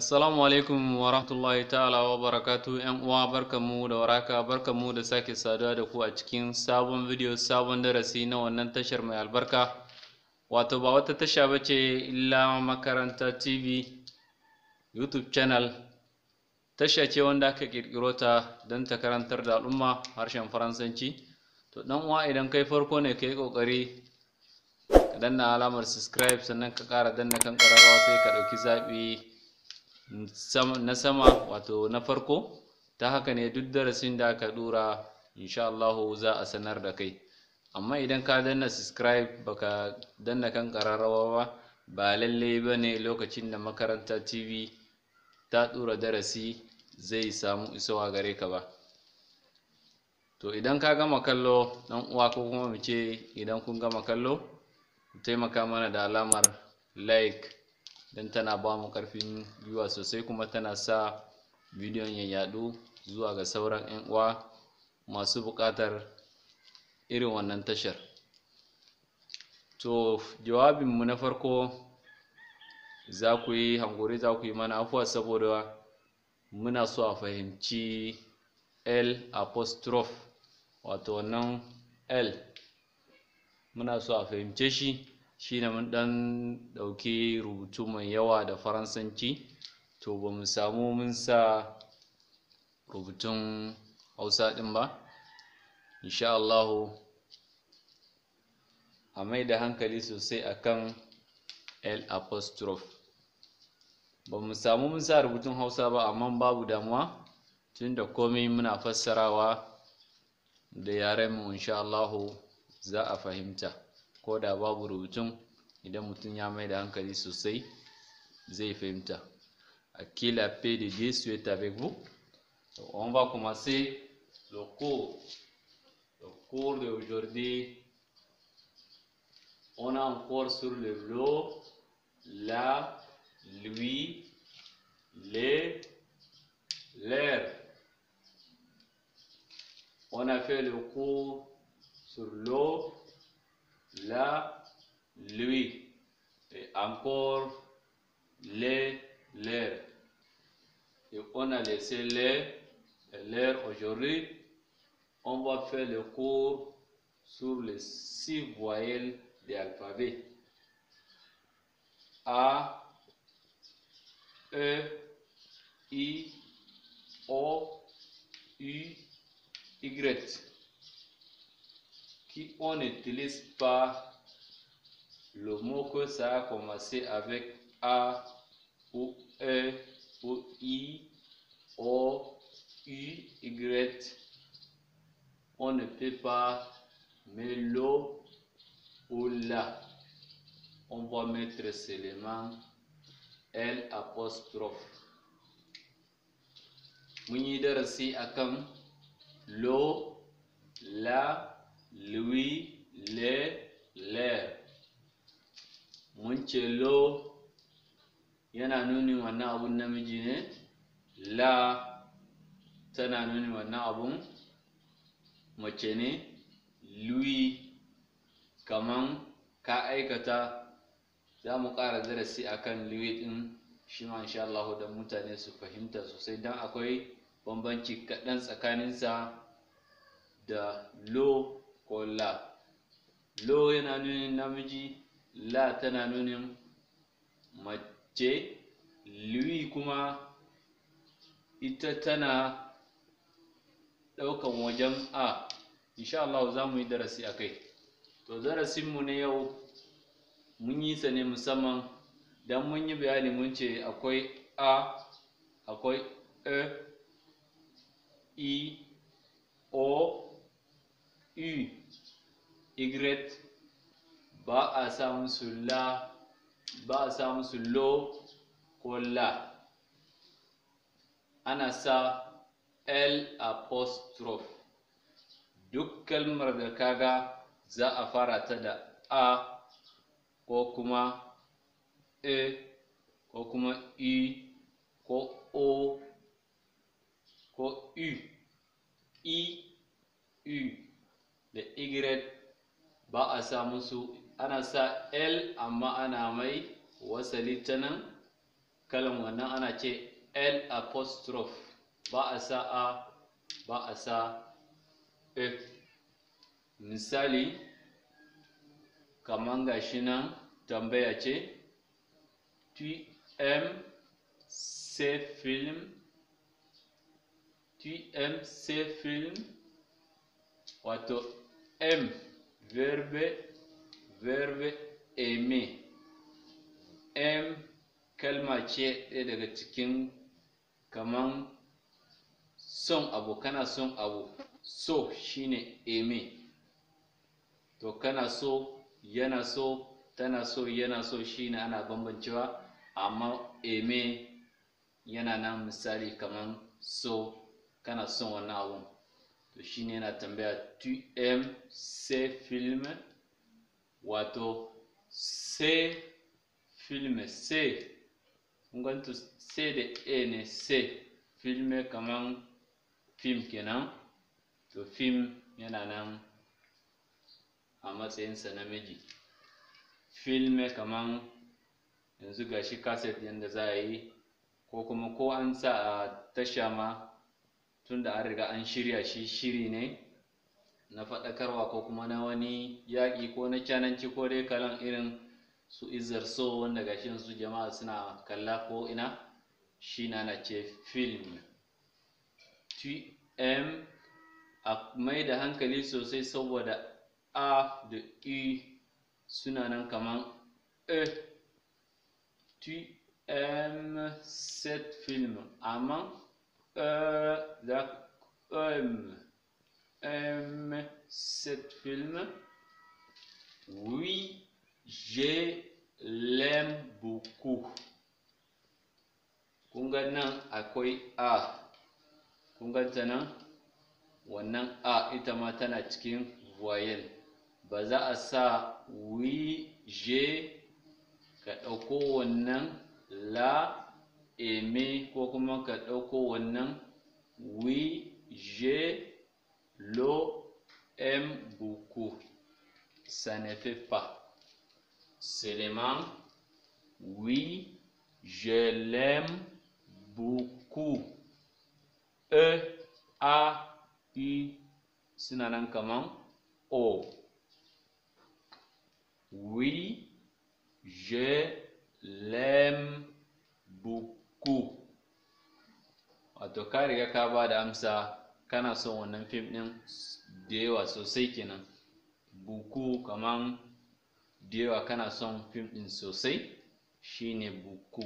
Assalamu alaikum wa rahmatullahi ta'ala wa barakatu ‘yan uwa barkamu da waraka mu da sake saduwa da ku a cikin sabon bidiyo sabon darasi na wannan tashar mai albarka wato ba wata tasha ba ce illa makaranta tv youtube channel tasha ce wanda aka kirkiro ta don ta karantar da al'umma harshen faransanci to ɗan uwa idan kai farko ne kai yi kokari ka danna alamar subscribe sannan ka kara danna kan kararrawa sai ka ɗauki zaɓi na sama wato na farko ta haka ne duk darasin da aka ɗura insha Allah za a sanar da kai amma idan ka danna subscribe baka danna kan kararrawa ba ba lalle bane lokacin da makaranta TV ta dura darasi zai samu isowa gare ka ba to idan ka gama kallo dan uwa ko kuma mu ce idan kun gama kallo taimaka mana da alamar like don tana ba mu ƙarfin gwiwa sosai kuma tana sa bidiyon ya yaɗu zuwa ga sauran 'yan uwa masu buƙatar irin wannan tashar to jawabinmu na farko za ku yi hankuri za ku yi mana afuwa saboda muna so a fahimci l apostrophe wato wannan l muna so a fahimce shi Shi shine mun ɗan ɗauki rubutu mai yawa da faransanci to ba mu samu mun sa rubutun hausa din ba insha Allahu a mai da hankali sosai akan l apostrophe ba mu samu mun sa rubutun hausa ba amma babu damuwa tunda komai muna fassarawa da yarenmu insha Allahu za a fahimta ko da babu idan ya hankali sosai zai que la paix de Dieu soit avec vous. on va commencer le cours. Le cours d'aujourd'hui, on a encore sur le lot la, lui, les, l'air. On a fait le cours sur l'eau, la, lui, et encore les, l'air. Et on a laissé les, l'air aujourd'hui. On va faire le cours sur les six voyelles de l'alphabet. A, E, I, O, U, Y qui on n'utilise pas le mot que ça a commencé avec A ou E ou I, O, U, Y. On ne peut pas mettre l'eau ou la. On va mettre seulement L apostrophe. l'eau lo, la, lui, le, ler. Mun ce lo yana nuni wannan abun namiji ne, la tana nuni wannan abun mace ne, lui kaman ka aikata za mu ƙara darasi a kan lui ɗin shi ma insha Allah don mutane su fahimta sosai don akwai bambanci kaɗan tsakaninsa da lo ko la lo yana nunin namiji la tana nunin mace lui kuma ita tana ɗaukan wajen a insha Allah za mu yi darasi a kai to darasinmu na yau mun yi sa ne musamman don mun yi bayani mun ce akwai a akwai e i o u y ba a sa musu la ba a sa musu lo ko la ana sa l apostrophe duk kalmar da kaga za a fara ta da a ko kuma e ko kuma i ko o ko u i u da y ba a sa musu ana sa l amma ana mai wasali ta nan kalan wannan ana ce l apostrophe ba a sa a ba a sa f misali kamar gashi nan tambaya ce tm aimes film tm film wato Aime, verbe, verbe aimer. Aime kalma ce ɗaya daga cikin kaman son abu, kana son abu. So shine aimer. To kana so, yana so, tana so, yana so shine ana bambancewa, amma aimer yana nan misali kaman so, kana son wannan abun. to ne yana tambaya tu m se film wato se film se kunganto se da a ne se filme kaman film kenan to film yana nan a matsayinsa miji filme kaman yanzu gashi kaset yadda za a yi ko kuma ko an sa a tasha ma tunda an riga an shirya shi shiri ne na faɗakarwa ko kuma na wani yaƙi ko na cananci ko dai kalan irin su izar so wanda gashin su jama'a suna kalla ko ina shi na na ce film tm a mai da hankali sosai saboda a da e suna nan kamar e eh, tm set film amma D'accord. Aime cette film Oui, je l'aime beaucoup. Kunga nan akwai A. Kunga ta nan wannan A ita ma tana cikin voyel. Ba za a sa wi je ka ɗauko wannan la aimer ko kuma ka ɗauko wannan wi je lo aime buku ça ne fait je l'aime buku e a i suna nan kaman o wi je l'aime buku. ku wato ka riga ka ba da amsa kana son wannan fim ɗin da yawa sosai kenan buku kaman da yawa kana son fim ɗin sosai shine buku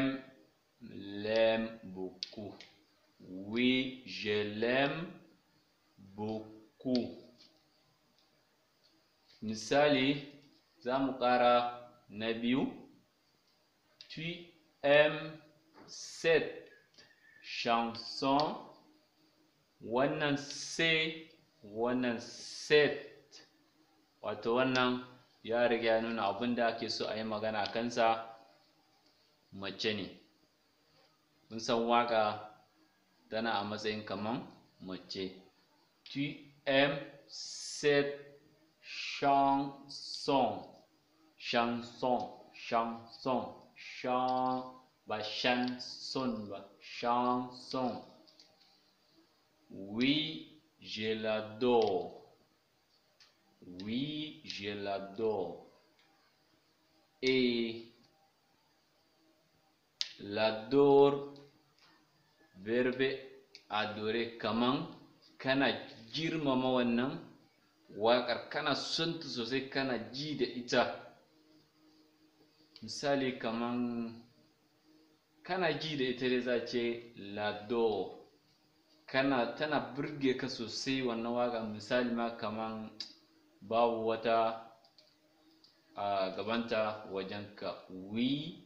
m lem buku, we je lem buku, misali za mu ƙara na biyu tu aimes cette chanson wannan sai wannan set wato wannan ya riga ya nuna abin da ake so a yi magana a kansa mace ne mun san waƙa tana a matsayin kaman mace tu m set chanson chanson chanson shan ba shan son ba chanson oui je l'adore oui je l'adore et l'adore verbe adorer kaman kana girmama wannan waƙar kana son ta sosai kana ji da ita misali kaman kana ji da ita dai za ce lado kana tana burge ka sosai wannan waka misali ma kaman babu wata a gabanta wajen ka, wi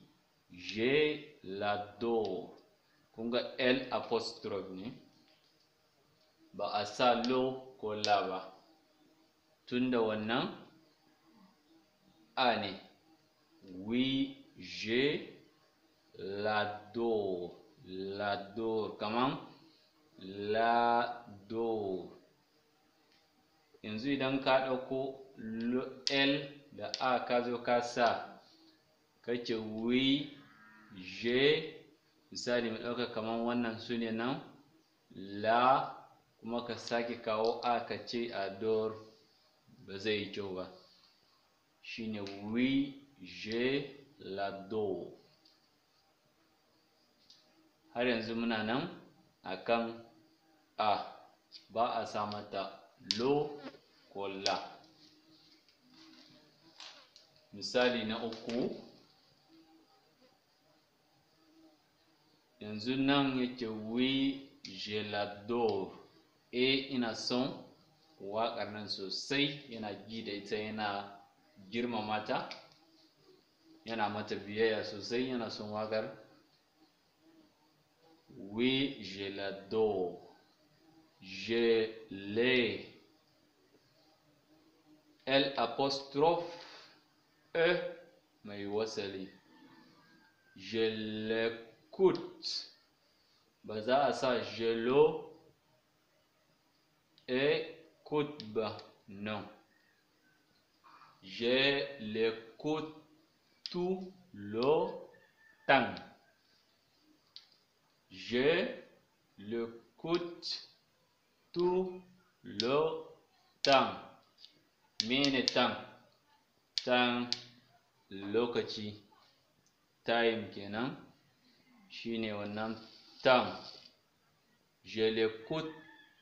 je lado kunga l apostrophe ne ba a sa lo ko la ba tunda wannan a ne Oui, je l'adore. L'adore. Comment? L'adore. Yanzu idan ka ɗauko L da A ka zo ka sa, kake oui, je, misali mu ɗauka kamar wannan su ne nan, la, kuma ka sake kawo A ka ce adore ba zai yi kyau ba. shine ne je har yanzu muna nan akan a ba a sa mata lo ko la misali na uku yanzu nan yake wi je e ina son waƙar nan sosai yana ji da ita yana girmamata yana mata biyayya sosai yana son wakar oui je l'adore l apostrophe e mai wasali je ba za a sa jelo lo écoute ba non je tout le temps. Je l'écoute tout le temps. Mene temps. Temps lokaci. Time kenan shine wannan temps. Je l'écoute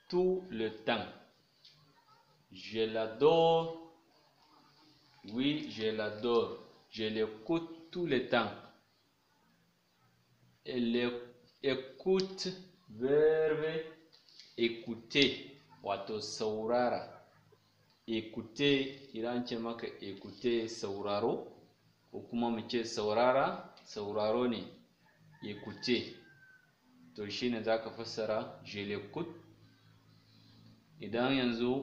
tout le temps. Je l'adore. Oui, je l'adore. Je l'écoute tout le temps. Écoute, verbe écouter, wato saurara. Écouter, idan ce maka écouter sauraro, kuma mu saurara, sauraro ne, écouter. To shi ne za fassara je l'écoute. Idan yanzu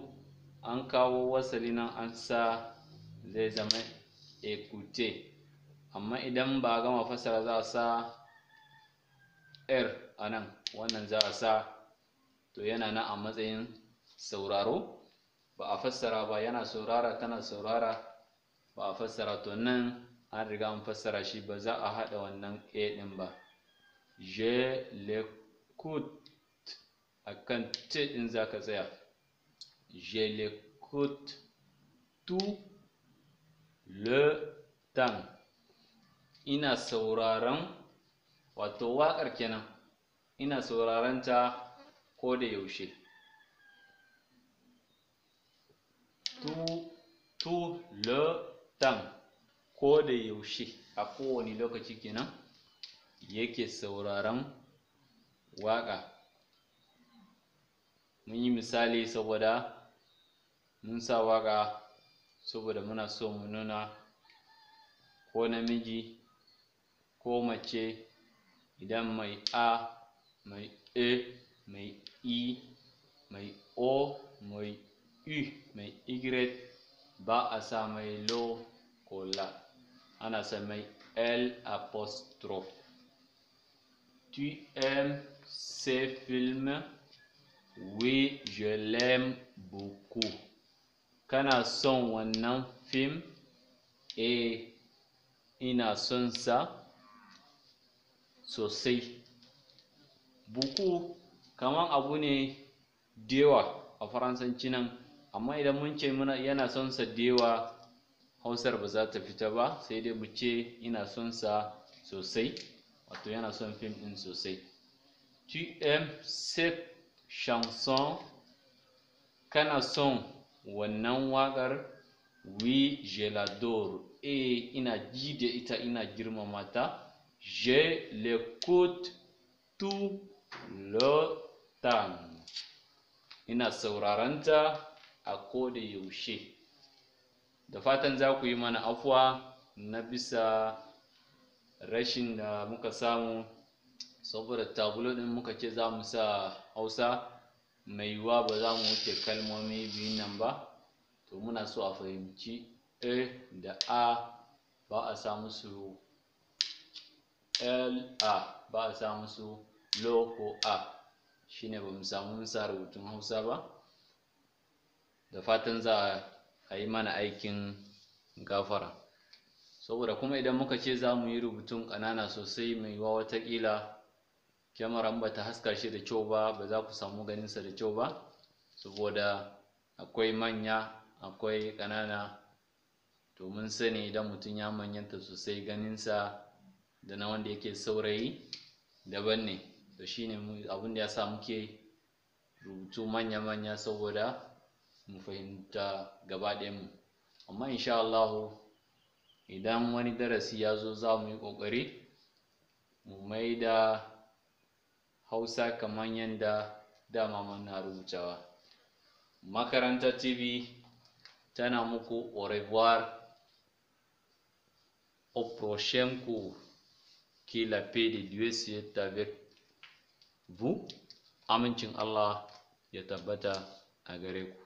an kawo wasali nan an sa zai zama ekute amma idan ba gama fasara za a sa r a nan wannan za a sa to yana na a matsayin sauraro ba a fassara ba yana saurara tana saurara ba a fassara to nan an riga an fassara shi ba za a haɗa wannan a ɗin ba je l'écoute a kan t ɗin za ka tsaya je l'écoute tu le tan ina sauraron wato waƙar kenan ina sauraron ta ko da yaushe tu tu le tan ko da yaushe a kowane lokaci kenan yake sauraron waƙa mun yi misali saboda mun sa waƙa saboda muna so mu nuna ko namiji ko mace idan mai a mai e mai i mai o mai u mai y ba a sa mai lo ko la ana sa mai l apostrophe tu aimes ces films oui je l'aime beaucoup kana son wannan fim eh ina son sa sosai buku kaman abu ne dewa a faransanci nan amma idan mun ce muna yana son sa dewa hausar ba za ta fita ba sai dai mu ce ina son sa sosai wato yana son fim din sosai tm set chanson kana son wannan waƙar we je dor e eh, ina ji da ita ina girmama ta je l'écoute tu le tan. ina sauraron ta a koda yaushe da fatan za ku yi mana afuwa na bisa rashin da muka samu saboda tabulo din muka ce za mu sa hausa mai yiwuwa ba za mu wuce kalmomi biyun nan ba to muna so a fahimci e da a ba a sa musu l a ba a sa musu lo ko a shine ba mu samu nusa sa rubutun hausa ba da fatan za a yi mana aikin gafara saboda kuma idan muka ce za mu yi rubutun ƙanana sosai mai yiwuwa watakila Kyamara ba ta haska shi da kyau ba ba za ku samu ganinsa da kyau ba saboda akwai manya akwai ƙanana to mun sani idan mutum ya manyanta sosai ganinsa da na wanda yake saurayi daban ne to shine abin da ya sa muke rubutu manya-manya saboda mu fahimta gaba mu amma insha Allah idan wani darasi ya zo za mu yi ƙoƙari mu maida da hausa kaman yadda dama muna rubutawa makaranta tv tana muku au revoir au prochain cours la paix de dieu soit avec vous amincin allah ya tabbata a gare ku